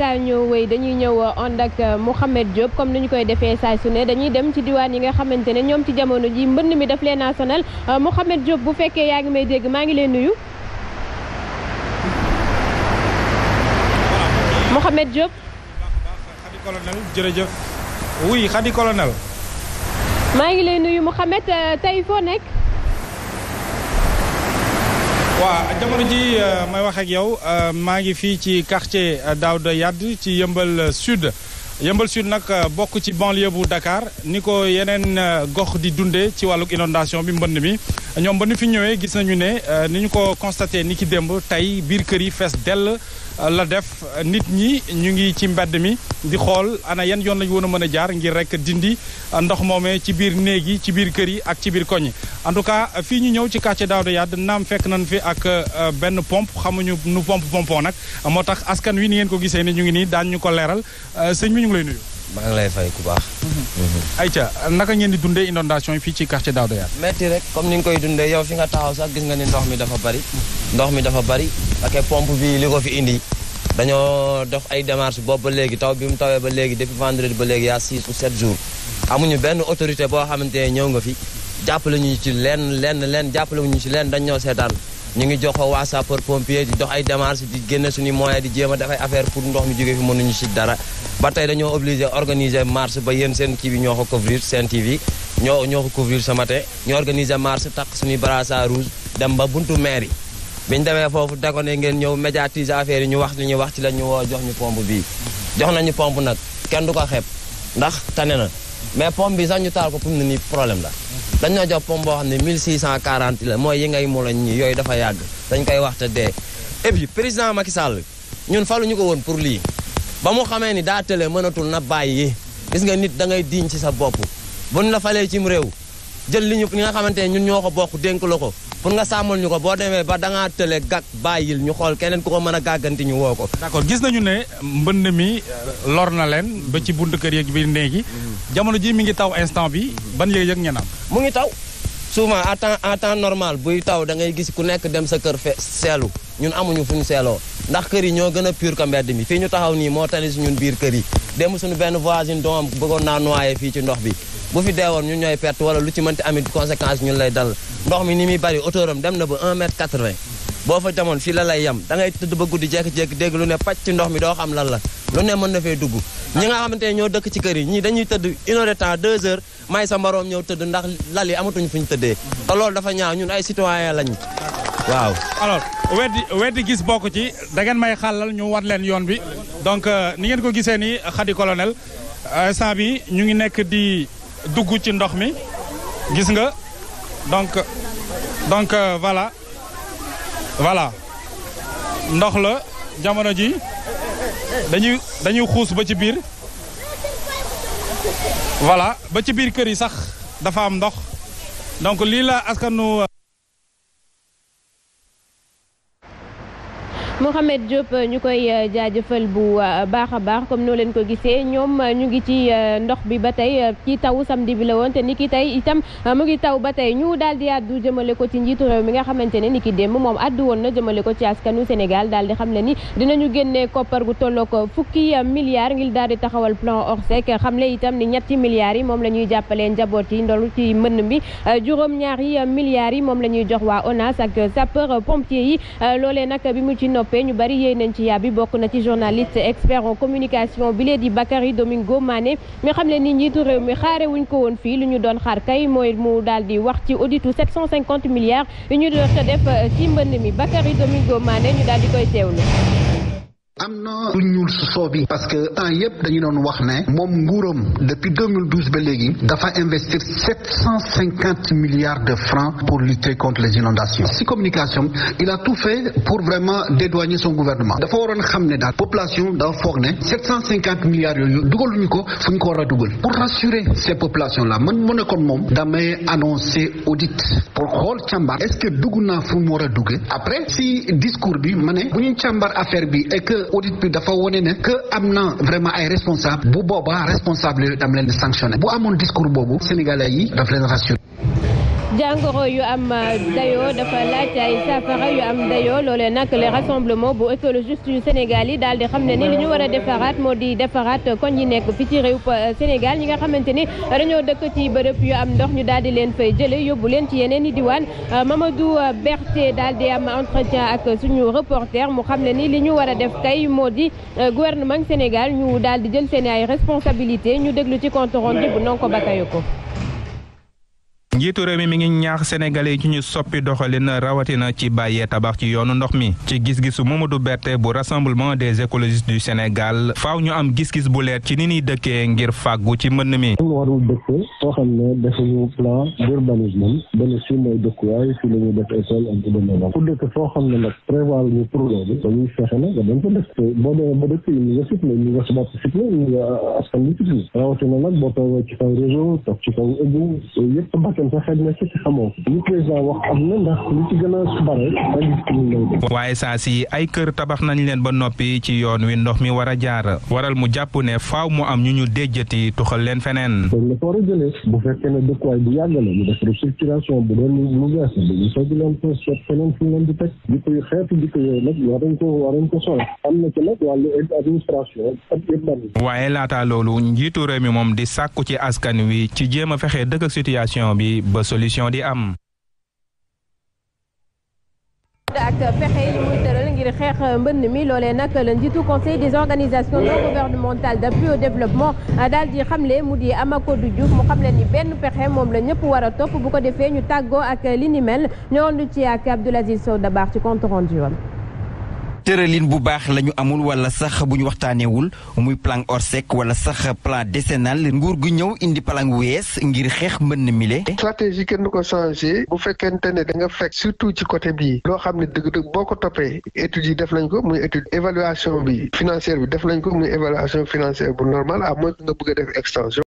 saa ñu wéy dañuy ñëw uh, ànd ak uh, Mouhamed Diop comme ni ñu koy defee saa su ne dañuy dem ci diwaan yi nga xamante ne ñoom ci jamono ji mbënn mi daf leen a sonal uh, Mouhamed Diop bu fekkee yaa ngi may dégg maa ngi leen nuyu. Mouhamed Diop. xadi colonel jërëjëf. oui nekk. waaw jamono ji euh, may wax ak yow euh, maa ngi fii ci quartier euh, Daouda Yadd ci Yëmbal Sud Yëmbal Sud nag bokk ci banlieue bu Dakar ni ko yeneen gox di dundee ci wàlluk inondation bi mbënd mi ñoom ba nu fi ñëwee gis nañu ne ni ñu ko constaté ni ki démb tey biir kër yi fees dell la def nit ñi ñu ngi ci mbedd mi di xool ana yan yoon lañu woon a mën a jaar ngir rek dindi ndox moomee ci biir néeg yi ci biir kër yi ak ci biir koñ yi en tout cas fii ñu ñëw ci quartier Daouda Yade naam fekk nañ fi ak euh, benn pompe xamuñu nu pompe pompon nag moo tax askan wi ni ngeen ko gisee ni ñu ngi nii daan ñu ko leeral euh, sëñ bi ñu lay nuyu maa ngi lay fay ku baax. Mhm. ayca naka ngeen di dundee inondation yi fii ci quartier Daouda Yane. metti rek comme ni nga koy dundee yow fi nga taxaw sax gis nga ni ndox mi dafa bari. ndox mi dafa bari ak pompe bi li ko fi indi dañoo dox ay démarches boobu ba léegi taw bi mu tawee ba léegi depuis vendredi ba léegi yaa 6 ou 7 benn autorité boo xamante ne ñëw nga fi jàppale ñu ci lenn lenn lenn jàppale ci lenn dañ ñoo seetaan ñu ngi jox ko waa sapeur pompier di dox ay démarches di génn suñu moyen di jéem a def ay affaire pour ndox mi jugee fi mënuñu si dara ba tey dañoo obligé organiser marche ba yéen seen kii bi ñoo ko couvrir seen TV ñoo ñoo ko couvrir ce matin ñu organiser takk suñuy brassard rouge dem ba buntu maire yi demee foofu da ko ne ngeen ñëw médiatiser affaire yi ñu wax li ñuy wax ci la ñu woo jox ñu pompe bii jox nañu nag kenn du ko xeeb ndax tane na mais pompe bi sax ñu taal ko pour ne ni problème la dañoo jox pompe boo xam ne 1640 la mooy yi ngay mulañ ñi yooyu dafa yàgg dañ koy wax dee et président Macky Sall ñun faluñu ko woon pour ba mu xamee ni daa tële mënatul na bàyyi gis nga nit da ngay diñ ci sa bopp buñ la falee cim réew jël li ñu li nga xamante ne ñun ñoo ko bokk dénk la ko pour nga sàmmal ñu ko boo demee ba dangaa ngaa tële gàgg bàyyil ñu xool keneen ku ko mën a gàgganti ñu woo ko. d'accord gis nañu ne mbënd mi euh, lor na leen ba ci buntu kër yeeg bi néegi jamono ji mi ngi taw instant bi ban yëg-yëg ngeen mu ngi taw souvent en temps en temps normal buy taw dangay gis ku nekk dem sa kër fe seelu ñun amuñu fu ñu seeloo ndax kër yi ñoo gën a pur ka mbedd mi fii ñu taxaw nii moo tane ñun biir kër yi démb suñu benn voisine doom bëggoon naa noyé fii ci ndox bi bu fi deewoon ñun ñooy perte wala lu ci mënti amit conséquence ñun lay dal ndox mi ni muy bari autoram dem na ba 1 mètre 80 boo fa jamoon fii la lay yem da ngay tëdd ba guddi jekki jékki dégg lu ne pàcc ci ndox mi doo xam lan la lu ne mën na fee dugg ñi nga xamante ne ñoo dëkk ci kër yi ñii dañuy tëdd une heure de temps deux heures ndax lal yi amatuñ fu ñu tëddee te loolu dafa ñaaw ñun ay citoyen lañu waaw alors weddi weddi gis bokk ci da may xàllal ñu wan leen yoon bi donc euh, ni ngeen ko gisee ni xadi colonel euh, instant bi ñu ngi nekk di dugg ci ndox mi gis nga donc donc euh, voilà voilà ndox la jamono ji dañuy dañuy xuus ba ci biir voilà ba ci biir kër yi sax dafa am ndox donc lii la askanu Mouhamed Diop euh, ñu koy euh, jaajëfal bu euh, baax a baax comme noo leen ko gisee ñoom ñu ngi ci ndox bi ba tey ci taw samedi bi la woon te ni tey itam mu ngi taw ba tey ñu daal di àddu jëmale ko ci njiitu réew mi nga xamante ne ni ki démb moom àddu woon na jëmale ko ci askanu Sénégal daal di xam ne ni dina ñu génne koppar gu tolloo ko fukki milliards ngir daal di taxawal plan Orsec xam le itam ni ñetti milliards yi moom la ñuy jàppalee njaboot yi ndolu ci mën mi juróom-ñaari milliards yi moom la ñuy jox waa ONAS ak sapeur pompier yi loolee nag bi mu ci nopp jàppee ñu bari yéey nañ ci bi bokk na ci journaliste expert en communication bi lee di Bakary Domingo Mané mi xam ne ni njiitu réew mi xaare wuñ ko woon fii lu ñu doon xaar kay mooy mu daal di wax ci auditu 750 milliards yu ñu doon def ci mbënd mi Bakary Domingo Mané ñu daal di koy teewlu am na lu ñuul su bi parce que temps yëpp dañu doon wax ne moom nguuram depuis 2012 ba léegi dafa investir 750 milliards de francs pour lutter contre les inondations si communication il a tout fait pour vraiment dédouaner son gouvernement dafa waroon xam ne daal population dafa foog ne 750 milliards yooyu dugaluñu ko fu ñu ko war a dugal pour rassurer ces populations là man mu nekkoon moom damay annoncer audit pour xool càmbar est-ce que dugg naa fu mu war a duggee après si ne bu bi audit bi dafa wone ne que am na vraiment ay responsable bu boobaa responsable yooyu dam leen di sanctionné bu amoon discours boobu sénégalais yi daf leen rassuré jàngoro yu am euh, dayoo dafa laaj ay saafara yu am dayoo loolee nag le rassemblement bu écologiste yu Sénégal yi daal di xam ne ni li ñu war a defaraat moo di defaraat kon yi nekk fi ci réew euh, Sénégal ñi nga xamante ni dañoo dëkk ci bërëb yu am ndox ñu daal di leen fay jële yóbbu leen ci yeneen i diwaan euh, Mamadou Berté daal di am entretien ak suñu reporter mu xam ne ni li ñu war a def tey moo di gouvernement Sénégal ñu daal di jël seen ay responsabilité ñu déglu ci compte rendu bu non ko njiitu réew mi ngi ñaax sénégalais yi ci ñu soppi doxalin rawatina ci bàyyee tabax ci yoonu ndox mi ci gis-gisu moom a du berte bu rassemblement des écologistes du Sénégal faaw ñu am gis-gis bu leer ci ni ñuy dëkkee ngir fàggu ci mbënn mi. ñu warul dëkk foo xam ne defuñu plan d'urbanisme benn fii mooy dëkkuwaay fii la ñuy def dëkk foo xam ne nag prévoir ñu problème bi dañuy fexe nag nga dem ko def boo demee ba dëkk yi ñu rawatina nag boo ci kaw réseau toog ci kaw ëgg yëpp rafet na ci xamoo li président a bare waaye saa si ay kër tabax nañ leen ba noppi ci yoon wi ndox mi war a jaar waral mu jàpp ne faaw mu am ñu ñu déjjati tuxal leen feneen. dañ la ko war a bu fekkee ne dëkkuwaay bu yàgg la ñu def restructuration bu doon lu waaye laata loolu njiitu réew mi moom di sàkku ci askan wi ci jéem a fexe dëkk ak bi. ci ba solution di am. ak pexe yi muy tëral ngir xeex mbënn mi loolee nag la njiitu conseil des organisations non gouvernementales d'appui au développement daal di xamle mu di Amakodou Diouf mu xamle ni benn pexe moom la ñëpp war a topp bu ko defee ñu tàggoo ak li ni mel ñëwoon ci ak Abdoul Aziz Sow Dabax ci compte rendu tëralin bu baax la ñu amul wala sax bu ñu waxtaanewul muy plan orsec wala sax plan décennal nguur gu ñëw indi plan wees ngir xeex mën na mile. stratégie kenn du ko changé bu fekkente ne da nga fekk surtout ci côté bii loo xam ne dëgg-dëgg boo ko toppee études yi def nañ ko muy étude évaluation bi financière bi def nañ ko muy évaluation financière bu normal à moins que nga bëgg a def extension.